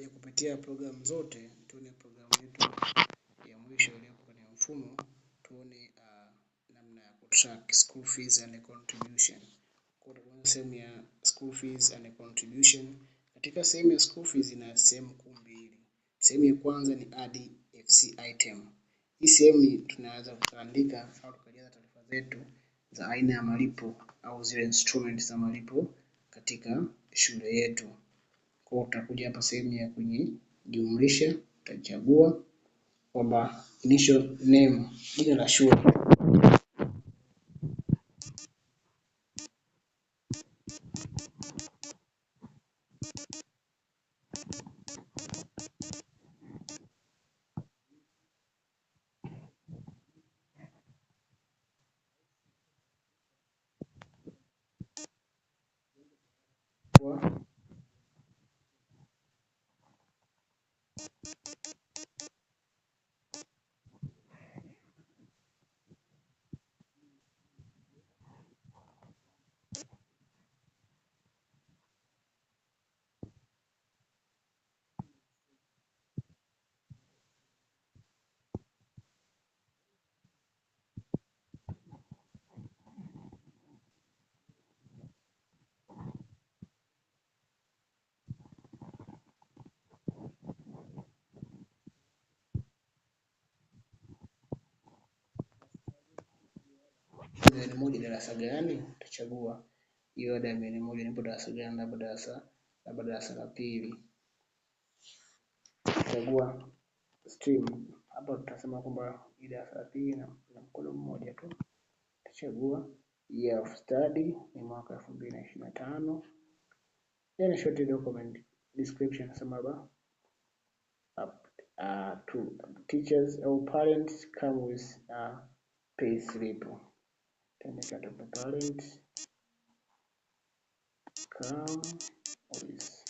Ya kupitia programu zote tuone programu yetu ya mwisho iliyopo kwenye mfumo, tuone uh, namna ya kutrack school fees and contribution. Kwa Sehemu ya school fees and contribution. Katika sehemu ya school fees ina sehemu kuu mbili. Sehemu ya kwanza ni add FC item. Hii sehemu tunaweza kuandika au kujaza taarifa zetu za aina ya malipo au zile instruments za malipo katika shule yetu. Kwa utakuja hapa sehemu ya kujijumulisha, utachagua kwamba initial name, jina la shule. dazeni moja darasa gani utachagua hiyo ada ya dazeni moja nipo darasa gani labda darasa labda darasa la pili utachagua stream hapa tutasema kwamba ni darasa la pili na mkono mmoja tu utachagua year of study ni mwaka elfu mbili na ishirini na tano then short document description nasema ba uh, to teachers or parents come with a uh, pay slip then make a double parent. come with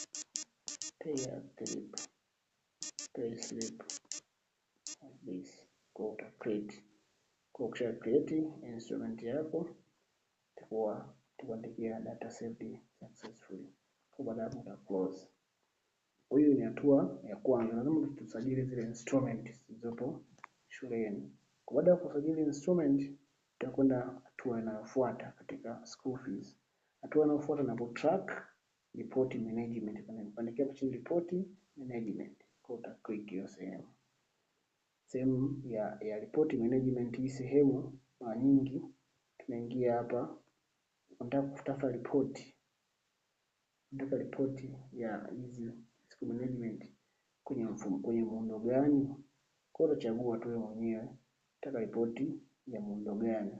pair clip pay slip of this to create. Go to create instrument yako itakuwa itakuandikia data safety successfully kwa baada hapo uta close huyu ni hatua ya kwanza lazima tusajili zile instrument zilizopo shuleni kwa baada ya kusajili instrument utakwenda hatua inayofuata katika school fees. Hatua inayofuata ni hapo track report management. Kama nimekuandikia hapo chini report management, kwa uta click hiyo sehemu. Sehemu ya ya report management, hii sehemu mara nyingi tunaingia hapa, unataka kutafuta report, unataka report ya hizi school management kwenye mfumo, kwenye muundo gani? Kwa utachagua tu wewe mwenyewe, unataka report ya muundo gani?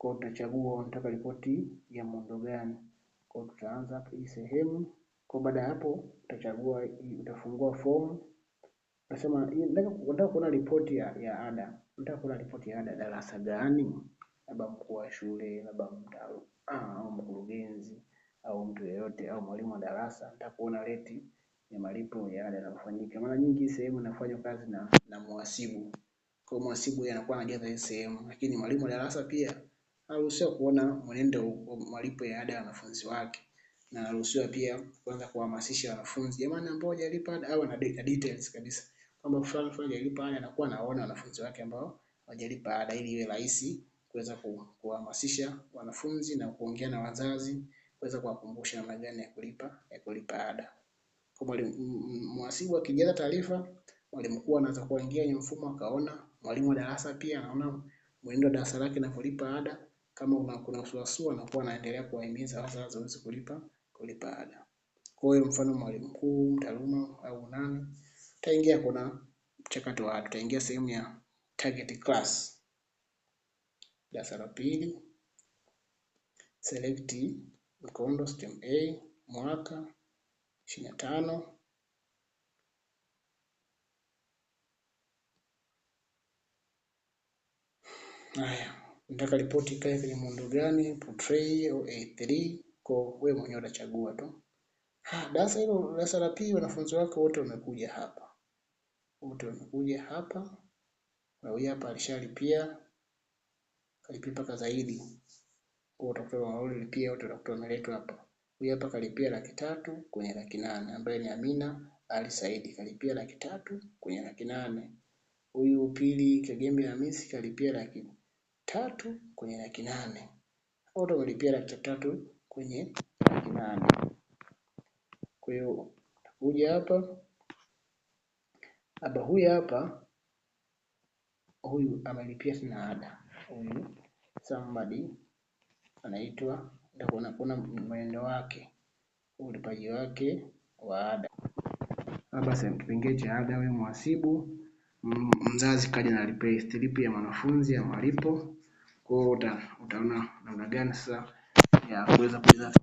Kwa hiyo tutachagua unataka ripoti ya muundo gani. Kwa hiyo tutaanza hapo hii sehemu. Kwa baada ya hapo utachagua utafungua fomu. Utasema nataka kuona ripoti ya, ya ada. Nataka kuona ripoti ya ada darasa gani? Labda mkuu wa shule, labda mtaalam au mkurugenzi au mtu yeyote au mwalimu wa darasa Nataka kuona reti ya malipo ya ada yanayofanyika. Mara nyingi sehemu inafanywa kazi na na mwasibu. Kwa hiyo mhasibu yeye anakuwa anajaza hii sehemu lakini mwalimu wa darasa pia anaruhusiwa kuona mwenendo wa malipo ya ada ya wanafunzi wake, na anaruhusiwa pia kuanza kuhamasisha wanafunzi, jamani, ambao hajalipa ada au ana details kabisa kwamba fulani fulani hajalipa ada, anakuwa anaona wanafunzi wake ambao hawajalipa ada, ili iwe rahisi kuweza kuhamasisha wanafunzi na kuongea na wazazi kuweza kuwakumbusha namna gani ya kulipa ya kulipa ada. Kwa mwalimu mhasibu akijaza taarifa, mwalimu mkuu anaweza kuingia kwenye mfumo akaona, mwalimu wa darasa pia anaona mwenendo wa darasa lake na kulipa ada kama kuna na nakuwa anaendelea kuwahimiza hasa waweze kulipa kulipa ada. Kwa hiyo mfano mwalimu mkuu, mtaaluma au nani taingia kuna mchakato wa tutaingia sehemu ya target class. Darasa la pili select mkondo stem A mwaka ishirini na tano haya. Unataka ripoti ikae kwenye muundo gani, portrait au A3? Kwa wewe mwenyewe utachagua tu. Ha, darasa hilo darasa la pili wanafunzi wako wote wamekuja hapa. Wote wamekuja hapa. Na huyu hapa alishalipia kalipia mpaka zaidi. Kwa utakuta lipia wote utakuta wameletwa hapa. Huyu hapa kalipia laki tatu kwenye laki nane ambaye ni Amina Ali Saidi kalipia laki tatu kwenye laki nane. Huyu pili Kageme Hamisi kalipia laki tatu kwenye laki nane au utakulipia laki tatu kwenye laki nane. Kwa hiyo utakuja hapa hapa, huyu hapa huyu amelipia sina ada huyu somebody anaitwa, utakuona kuna mwenendo wake ulipaji wake wa ada hapa, sehemu kipengele cha ada, wewe mhasibu mzazi kaja na request ya mwanafunzi ya malipo kwa hiyo utaona namna gani sasa ya kuweza kuhifadhi.